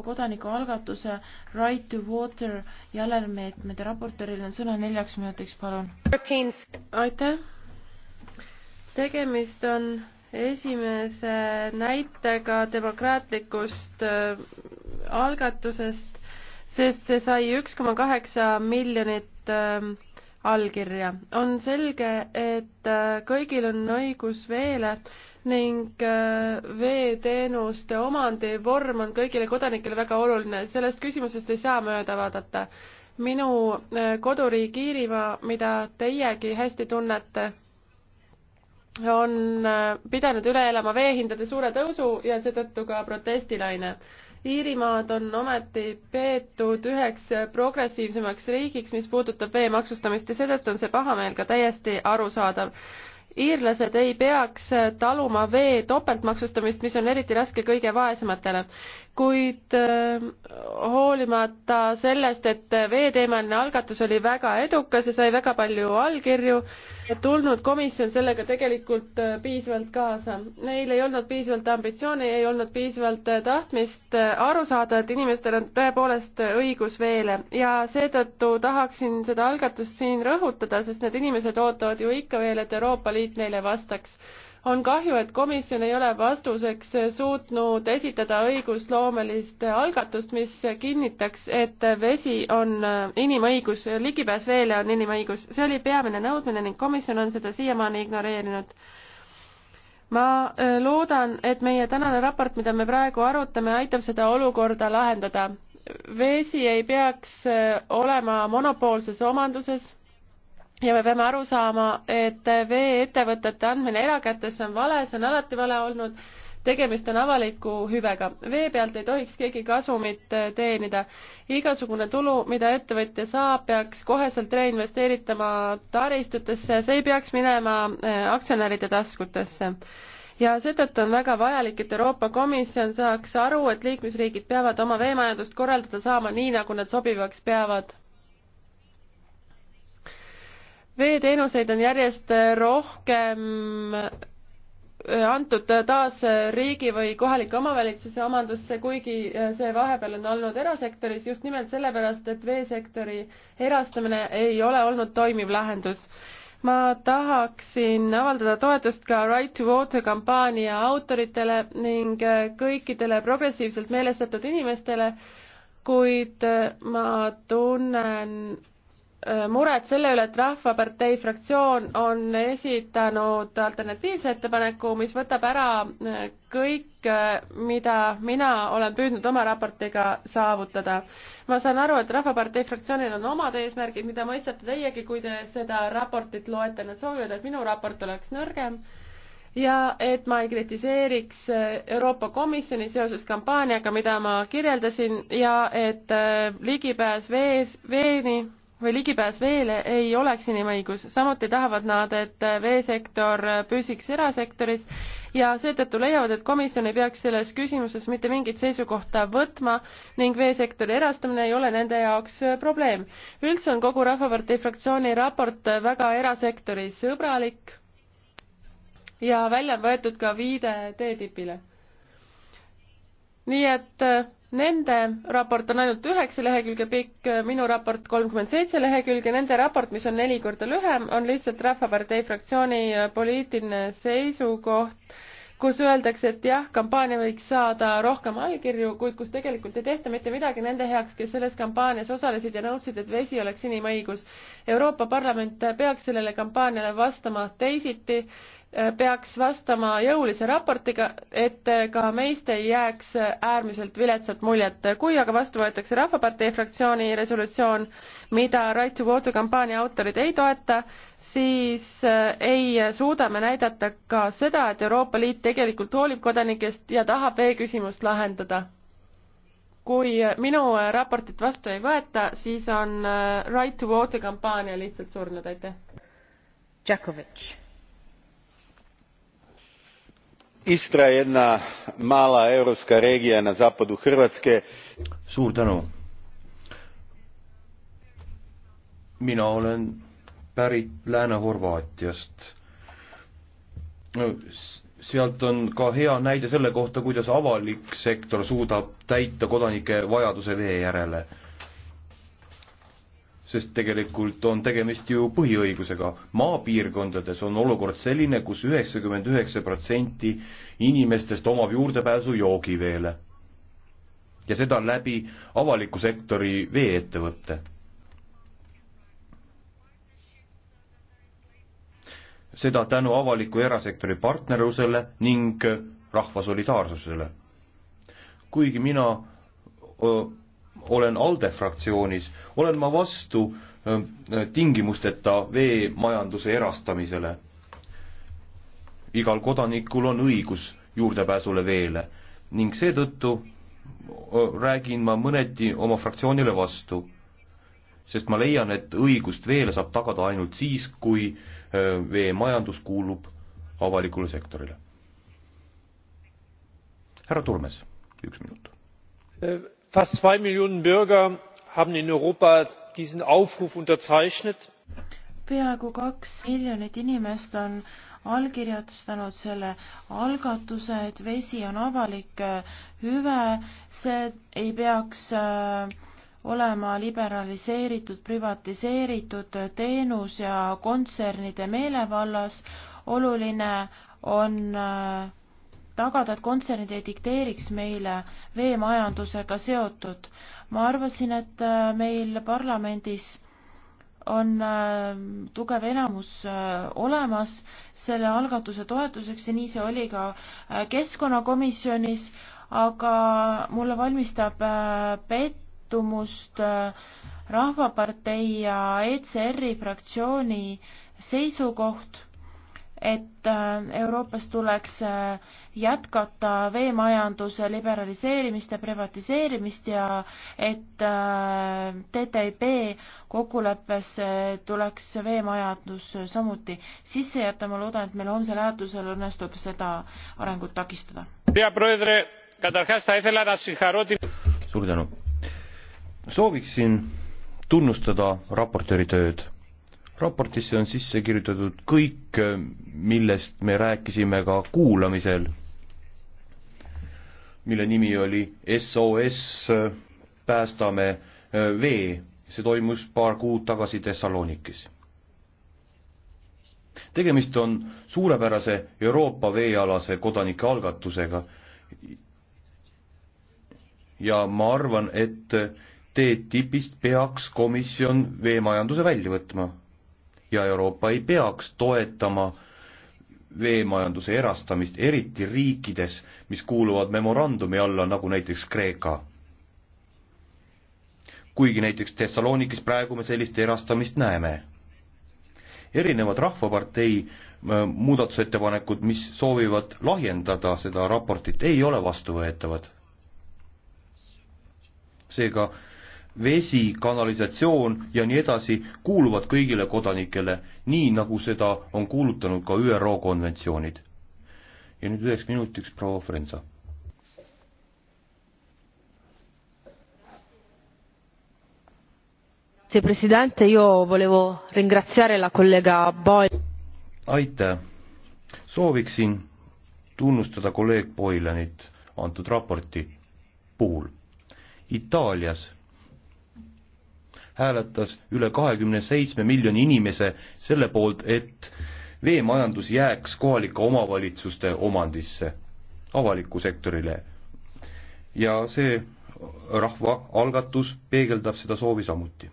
Euroopa kodanikualgatuse Right to Water järelmeetmete raportööril on sõna neljaks minutiks, palun. aitäh. tegemist on esimese näitega demokraatlikust äh, algatusest, sest see sai üks koma kaheksa miljonit ähm, allkirja. on selge, et äh, kõigil on õigus veele ning äh, veeteenuste omandivorm on kõigile kodanikele väga oluline, sellest küsimusest ei saa mööda vaadata. minu äh, koduriik Iirimaa, mida teiegi hästi tunnete, on äh, pidanud üle elama veehindade suure tõusu ja seetõttu ka protestilaine Iirimaad on ometi peetud üheks progressiivsemaks riigiks, mis puudutab vee maksustamist ja seetõttu on see pahameel ka täiesti arusaadav iirlased ei peaks taluma vee topeltmaksustamist, mis on eriti raske kõige vaesematele kuid äh, hoolimata sellest, et veeteemaline algatus oli väga edukas ja sai väga palju allkirju, tulnud komisjon sellega tegelikult äh, piisavalt kaasa. Neil ei olnud piisavalt ambitsiooni, ei olnud piisavalt äh, tahtmist aru saada, et inimestel on tõepoolest õigus veele ja seetõttu tahaksin seda algatust siin rõhutada, sest need inimesed ootavad ju ikka veel, et Euroopa Liit neile vastaks on kahju, et komisjon ei ole vastuseks suutnud esitada õigusloomelist algatust, mis kinnitaks, et vesi on inimõigus, ligipääs veele on inimõigus. see oli peamine nõudmine ning komisjon on seda siiamaani ignoreerinud. ma äh, loodan, et meie tänane raport, mida me praegu arutame, aitab seda olukorda lahendada. vesi ei peaks äh, olema monopoolses omanduses ja me peame aru saama, et vee-ettevõtete andmine erakätesse on vale, see on alati vale olnud, tegemist on avaliku hüvega. vee pealt ei tohiks keegi kasumit äh, teenida. igasugune tulu, mida ettevõtja saab, peaks koheselt reinvesteeritama taristutesse, see ei peaks minema äh, aktsionäride taskutesse ja seetõttu on väga vajalik, et Euroopa Komisjon saaks aru, et liikmesriigid peavad oma veemajandust korraldada saama nii, nagu nad sobivaks peavad veeteenuseid on järjest äh, rohkem äh, antud äh, taas riigi või kohalike omavalitsuse omandusse, kuigi see vahepeal on olnud erasektoris just nimelt sellepärast, et veesektori erastamine ei ole olnud toimiv lahendus. ma tahaksin avaldada toetust ka Right to Water kampaania autoritele ning kõikidele progressiivselt meelestatud inimestele, kuid ma tunnen Äh, muret selle üle, et Rahvapartei fraktsioon on esitanud alternatiivse ettepaneku, mis võtab ära äh, kõik, äh, mida mina olen püüdnud oma raportiga saavutada. ma saan aru, et Rahvapartei fraktsioonil on omad eesmärgid, mida mõistate teiegi, kui te seda raportit loete, nad soovivad, et minu raport oleks nõrgem ja et ma ei kritiseeriks Euroopa Komisjoni seoses kampaaniaga, mida ma kirjeldasin ja et ligipääs vees, veeni või ligipääs veele ei oleks inimõigus. samuti tahavad nad, et veesektor püsiks erasektoris ja seetõttu leiavad, et komisjon ei peaks selles küsimuses mitte mingit seisukohta võtma ning veesektori erastamine ei ole nende jaoks probleem. üldse on kogu Rahvapartei fraktsiooni raport väga erasektori sõbralik ja välja on võetud ka viide teetipile. nii et Nende raport on ainult üheksa lehekülge pikk, minu raport kolmkümmend seitse lehekülge, nende raport, mis on neli korda lühem, on lihtsalt Rahvapartei fraktsiooni äh, poliitiline seisukoht, kus öeldakse, et jah, kampaania võiks saada rohkem allkirju, kuid kus tegelikult ei tehta mitte midagi nende heaks, kes selles kampaanias osalesid ja nõudsid, et vesi oleks inimõigus. Euroopa Parlament peaks sellele kampaaniale vastama teisiti Äh, peaks vastama jõulise raportiga, et äh, ka meist ei jääks äärmiselt viletsat muljet. kui aga vastu võetakse Rahvapartei fraktsiooni resolutsioon, mida Right to Water kampaania autorid ei toeta, siis äh, ei suuda me näidata ka seda, et Euroopa Liit tegelikult hoolib kodanikest ja tahab e-küsimust lahendada. kui minu raportit vastu ei võeta, siis on Right to Water kampaania lihtsalt surnud, aitäh. Jakovitš istra je jedna mala europska regija na zapadu hrvatske. mina olen pärit lääne horvaatiast sealt on ka hea näide selle kohta kuidas avalik sektor suudab täita kodanike vajaduse vee järele sest tegelikult on tegemist ju põhiõigusega. maapiirkondades on olukord selline kus, kus üheksakümmend üheksa protsenti inimestest omab juurdepääsu joogiveele. ja seda läbi avaliku sektori veeettevõtte. seda tänu avaliku ja erasektori partnerlusele ning rahva solidaarsusele. kuigi mina öö, olen ALDE fraktsioonis, olen ma vastu äh, tingimusteta veemajanduse erastamisele. igal kodanikul on õigus juurdepääsule veele ning seetõttu äh, räägin ma mõneti oma fraktsioonile vastu, sest ma leian, et õigust veele saab tagada ainult siis, kui äh, veemajandus kuulub avalikule sektorile. härra Turmes, üks minut Äh, fast zwei millionen bürger haben in europa diesen aufruf unterzeichnet. peaaegu kaks miljonit inimest on allkirjastanud selle algatuse, et vesi on avalik äh, hüve, see ei peaks äh, olema liberaliseeritud, privatiseeritud teenus ja kontsernide meelevallas. oluline on tagada, et kontsernid ei dikteeriks meile veemajandusega seotud. ma arvasin, et äh, meil parlamendis on äh, tugev enamus äh, olemas selle algatuse toetuseks ja nii see oli ka keskkonnakomisjonis, aga mulle valmistab pettumust Rahvapartei ja ECR-i fraktsiooni seisukoht et äh, Euroopas tuleks äh, jätkata veemajanduse liberaliseerimist ja privatiseerimist ja et äh, TTIP kokkuleppes tuleks veemajandus samuti sisse jätta. ma loodan, et meil homsel hääletusel õnnestub seda arengut takistada. suur tänu. sooviksin tunnustada raportööri tööd raportisse on sisse kirjutatud kõik, millest me rääkisime ka kuulamisel, mille nimi oli SOS päästame äh, vee, see toimus paar kuud tagasi Thessalonikis. tegemist on suurepärase Euroopa veealase kodanike algatusega ja ma arvan, et TTIP-ist peaks komisjon veemajanduse välja võtma ja Euroopa ei peaks toetama veemajanduse erastamist, eriti riikides, mis kuuluvad memorandumi alla, nagu näiteks Kreeka. kuigi näiteks Thessalonikis praegu me sellist erastamist näeme. erinevad Rahvapartei äh, muudatusettepanekud, mis soovivad lahjendada seda raportit, ei ole vastuvõetavad. seega vesi, kanalisatsioon ja nii edasi kuuluvad kõigile kodanikele, nii nagu seda on kuulutanud ka ÜRO konventsioonid. ja nüüd üheks minutiks proua Frenza. aitäh, sooviksin tunnustada kolleeg Boylanit antud raporti puhul. Itaalias hääletas üle kahekümne seitsme miljoni inimese selle poolt, et veemajandus jääks kohalike omavalitsuste omandisse, avalikku sektorile. ja see rahvaalgatus peegeldab seda soovi samuti.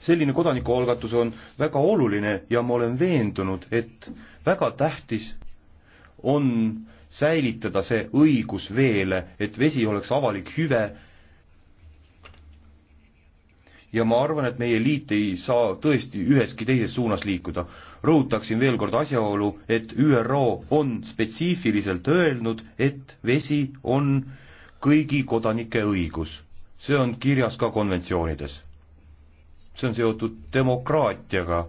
selline kodanikualgatus on väga oluline ja ma olen veendunud, et väga tähtis on säilitada see õigus veele, et vesi oleks avalik hüve. ja ma arvan, et meie liit ei saa tõesti üheski teises suunas liikuda. rõhutaksin veel kord asjaolu, et ÜRO on spetsiifiliselt öelnud, et vesi on kõigi kodanike õigus. see on kirjas ka konventsioonides. see on seotud demokraatiaga,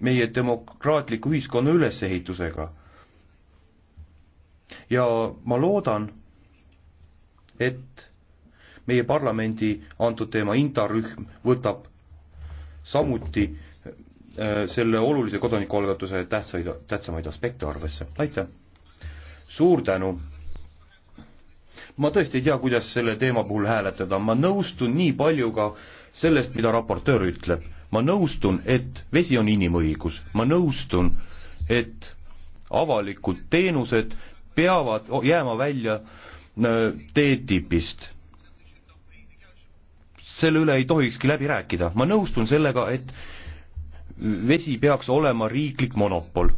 meie demokraatliku ühiskonna ülesehitusega ja ma loodan, et meie parlamendi antud teema intarühm võtab samuti äh, selle olulise kodanikualgatuse tähtsaid, tähtsamaid aspekte arvesse, aitäh! suur tänu! ma tõesti ei tea, kuidas selle teema puhul hääletada, ma nõustun nii paljuga sellest, mida raportöör ütleb. ma nõustun, et vesi on inimõigus, ma nõustun, et avalikud teenused peavad jääma välja äh, TTIP-ist. selle üle ei tohikski läbi rääkida, ma nõustun sellega, et vesi peaks olema riiklik monopol.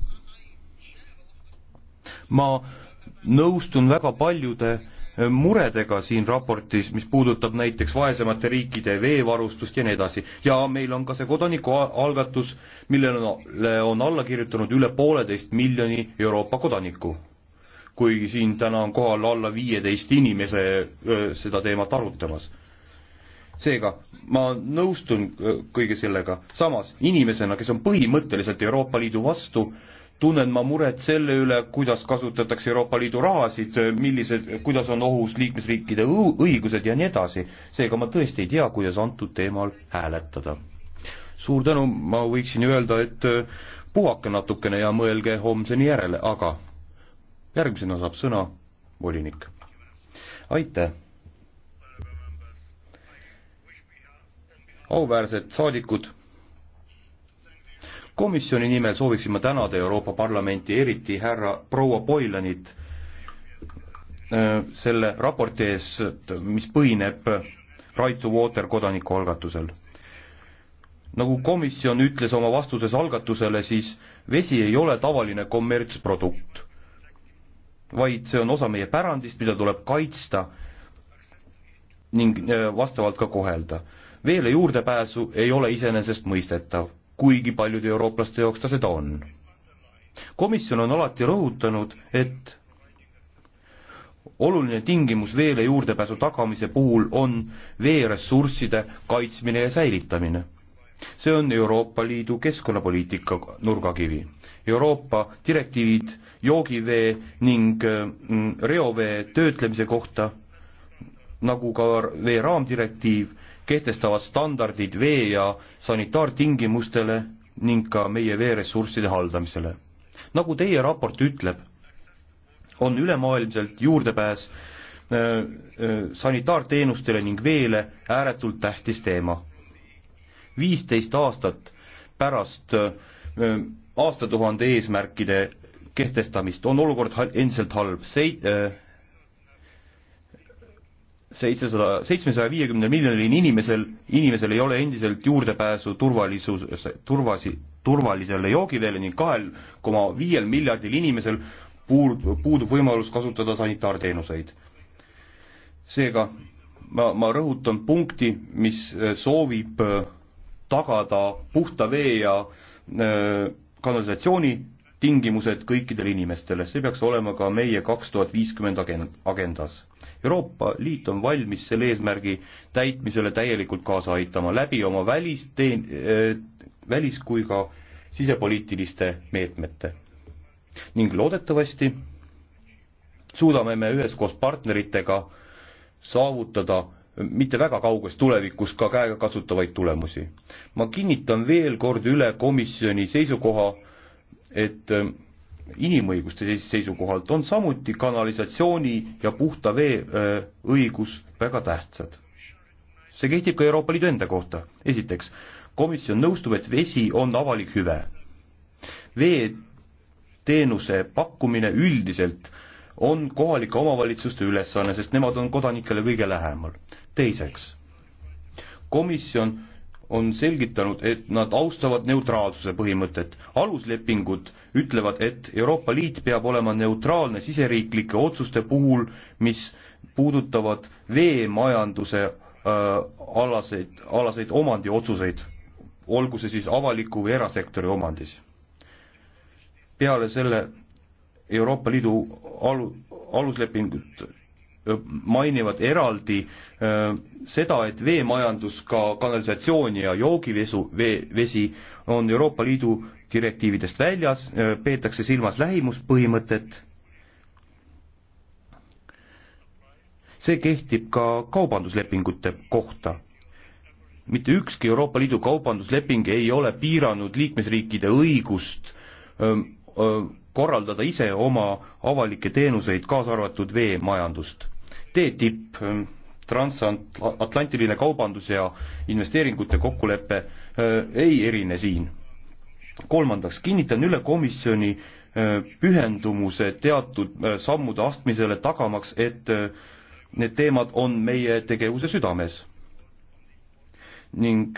ma nõustun väga paljude äh, muredega siin raportis, mis puudutab näiteks vaesemate riikide veevarustust ja nii edasi. ja meil on ka see kodanikualgatus, millele on alla kirjutanud üle pooleteist miljoni Euroopa kodaniku kuigi siin täna on kohal alla viieteist inimese seda teemat arutamas. seega ma nõustun kõige sellega, samas inimesena, kes on põhimõtteliselt Euroopa Liidu vastu, tunnen ma muret selle üle, kuidas kasutatakse Euroopa Liidu rahasid, millised, kuidas on ohus liikmesriikide õigused ja nii edasi. seega ma tõesti ei tea, kuidas antud teemal hääletada. suur tänu, ma võiksin öelda, et puhake natukene ja mõelge homseni järele, aga järgmisena saab sõna volinik. aitäh! auväärsed saadikud, komisjoni nimel sooviksin ma tänada Euroopa Parlamenti, eriti härra proua Boylanit, äh, selle raporti ees, mis põhineb Right to Water kodanikualgatusel. nagu komisjon ütles oma vastuses algatusele, siis vesi ei ole tavaline kommertsprodukt vaid see on osa meie pärandist, mida tuleb kaitsta ning äh, vastavalt ka kohelda. veele juurdepääsu ei ole iseenesestmõistetav, kuigi paljude eurooplaste jaoks ta seda on. komisjon on alati rõhutanud, et oluline tingimus veele juurdepääsu tagamise puhul on veeressursside kaitsmine ja säilitamine. see on Euroopa Liidu keskkonnapoliitika nurgakivi. Euroopa direktiivid joogivee ning mm, reovee töötlemise kohta, nagu ka vee raamdirektiiv, kehtestavad standardid vee ja sanitaartingimustele ning ka meie veeressursside haldamisele. nagu teie raport ütleb, on ülemaailmselt juurdepääs äh, äh, sanitaarteenustele ning veele ääretult tähtis teema. viisteist aastat pärast äh, aastatuhande eesmärkide kehtestamist, on olukord hal-, endiselt halb, sei-, äh, seitsesada, seitsmesaja viiekümnel miljonil inimesel, inimesel ei ole endiselt juurdepääsu turvalisus, turvasi, turvalisele joogiveele ning kahel koma viiel miljardil inimesel puud-, puudub võimalus kasutada sanitaarteenuseid. seega ma, ma rõhutan punkti, mis äh, soovib äh, tagada puhta vee ja kanalisatsiooni tingimused kõikidele inimestele, see peaks olema ka meie kaks tuhat viiskümmend agendas. Euroopa Liit on valmis selle eesmärgi täitmisele täielikult kaasa aitama läbi oma välisteen- äh,, välis- kui ka sisepoliitiliste meetmete. ning loodetavasti suudame me üheskoos partneritega saavutada mitte väga kauges tulevikus ka käegakatsutavaid tulemusi. ma kinnitan veel kord üle komisjoni seisukoha, et äh, inimõiguste seisukohalt on samuti kanalisatsiooni ja puhta vee äh, õigus väga tähtsad. see kehtib ka Euroopa Liidu enda kohta. esiteks, komisjon nõustub, et vesi on avalik hüve. veeteenuse pakkumine üldiselt on kohalike omavalitsuste ülesanne, sest nemad on kodanikele kõige lähemal. teiseks, komisjon on selgitanud, et nad austavad neutraalsuse põhimõtet. aluslepingud ütlevad, et Euroopa Liit peab olema neutraalne siseriiklike otsuste puhul, mis puudutavad veemajanduse äh, alaseid, alaseid omandiotsuseid, olgu see siis avaliku või erasektori omandis. peale selle Euroopa Liidu alu, aluslepingut mainivad eraldi äh, seda, et veemajandus, ka kanalisatsioon ja joogivesu, vee, vesi on Euroopa Liidu direktiividest väljas äh,, peetakse silmas lähimuspõhimõtet. see kehtib ka kaubanduslepingute kohta. mitte ükski Euroopa Liidu kaubandusleping ei ole piiranud liikmesriikide õigust öö, öö, korraldada ise oma avalikke teenuseid, kaasa arvatud veemajandust. TTIP, ähm, transatlantiline kaubandus ja investeeringute kokkulepe äh, ei erine siin. kolmandaks, kinnitan üle komisjoni äh, pühendumuse teatud äh, sammude astmisele, tagamaks, et need teemad on meie tegevuse südames. ning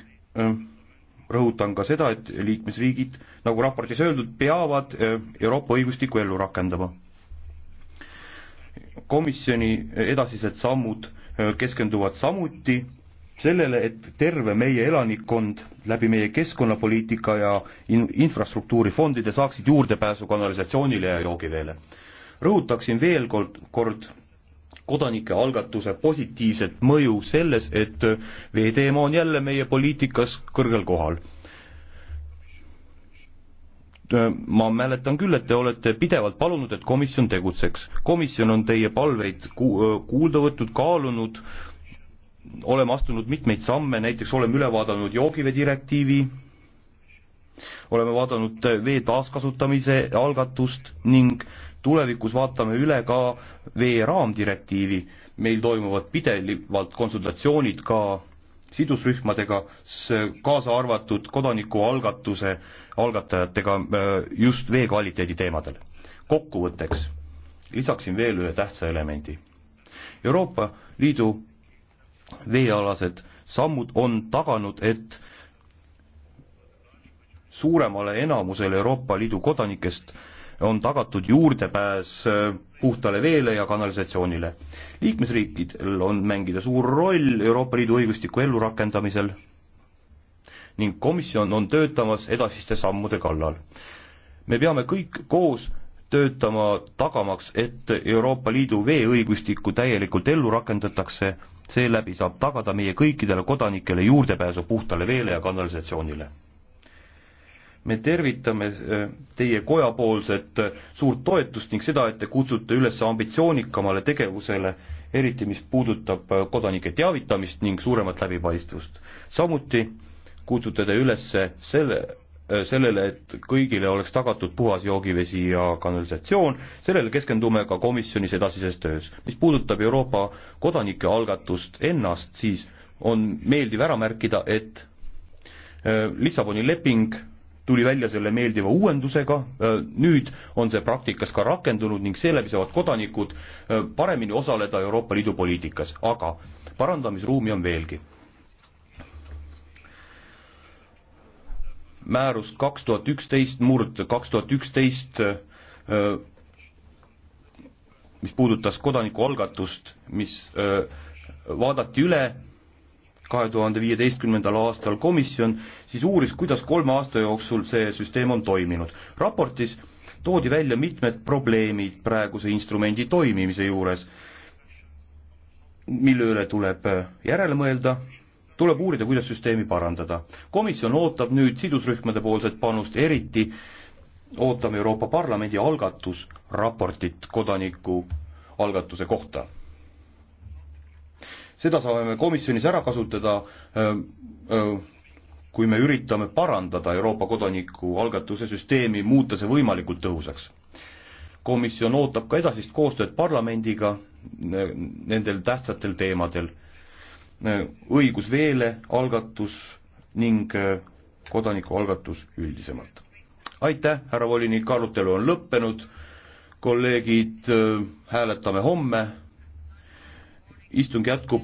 rõhutan ka seda, et liikmesriigid, nagu raportis öeldud, peavad Euroopa õigustikku ellu rakendama komisjoni edasised sammud äh, keskenduvad samuti sellele, et terve meie elanikkond läbi meie keskkonnapoliitika ja in-, infrastruktuurifondide saaksid juurdepääsu kanalisatsioonile ja joogiveele. rõhutaksin veel kord, kord kodanike algatuse positiivset mõju selles, et äh, veeteema on jälle meie poliitikas kõrgel kohal Äh, ma mäletan küll, et te olete pidevalt palunud, et komisjon tegutseks. komisjon on teie palveid ku-, äh, kuulda võtnud, kaalunud, oleme astunud mitmeid samme, näiteks oleme üle vaadanud joogivee direktiivi, oleme vaadanud vee taaskasutamise algatust ning tulevikus vaatame üle ka vee raamdirektiivi. meil toimuvad pidevalt konsultatsioonid ka sidusrühmadega, kaasa arvatud kodanikualgatuse algatajatega äh, just vee kvaliteedi teemadel. kokkuvõtteks lisaksin veel ühe tähtsa elemendi. Euroopa Liidu veealased sammud on taganud, et suuremale enamusele Euroopa Liidu kodanikest äh, on tagatud juurdepääs äh, puhtale veele ja kanalisatsioonile. liikmesriikidel on mängida suur roll Euroopa Liidu õigustiku ellurakendamisel ning komisjon on töötamas edasiste sammude kallal. me peame kõik koos töötama tagamaks, et Euroopa Liidu veeõigustikku täielikult ellu rakendatakse, seeläbi saab tagada meie kõikidele kodanikele juurdepääsu puhtale veele ja kanalisatsioonile me tervitame äh, teie kojapoolset äh, suurt toetust ning seda, et te kutsute üles ambitsioonikamale tegevusele, eriti mis puudutab äh, kodanike teavitamist ning suuremat läbipaistvust. samuti kutsute te üles selle, sellele, et kõigile oleks tagatud puhas joogivesi ja kanalisatsioon, sellele keskendume ka komisjonis edasises töös. mis puudutab Euroopa kodanike algatust ennast, siis on meeldiv ära märkida, et Lissaboni leping tuli välja selle meeldiva uuendusega, äh, nüüd on see praktikas ka rakendunud ning seeläbi saavad kodanikud äh, paremini osaleda Euroopa Liidu poliitikas, aga parandamisruumi on veelgi. määrus kaks tuhat üksteist murd kaks tuhat üksteist äh, mis puudutas kodanikualgatust, mis öö, vaadati üle kahe tuhande viieteistkümnendal aastal komisjon siis uuris, kuidas kolme aasta jooksul see süsteem on toiminud. raportis toodi välja mitmed probleemid praeguse instrumendi toimimise juures, mille üle tuleb järele mõelda, tuleb uurida, kuidas süsteemi parandada. komisjon ootab nüüd sidusrühmade poolset panust, eriti ootame Euroopa Parlamendi algatusraportit kodanikualgatuse kohta seda saame me komisjonis ära kasutada, äh, äh, kui me üritame parandada Euroopa kodanikualgatuse süsteemi, muuta see võimalikult tõhusaks. komisjon ootab ka edasist koostööd parlamendiga nendel tähtsatel teemadel, äh, õigus veele algatus ning kodanikualgatus üldisemalt. aitäh, härra volinik, arutelu on lõppenud, kolleegid, hääletame homme, istung jätkub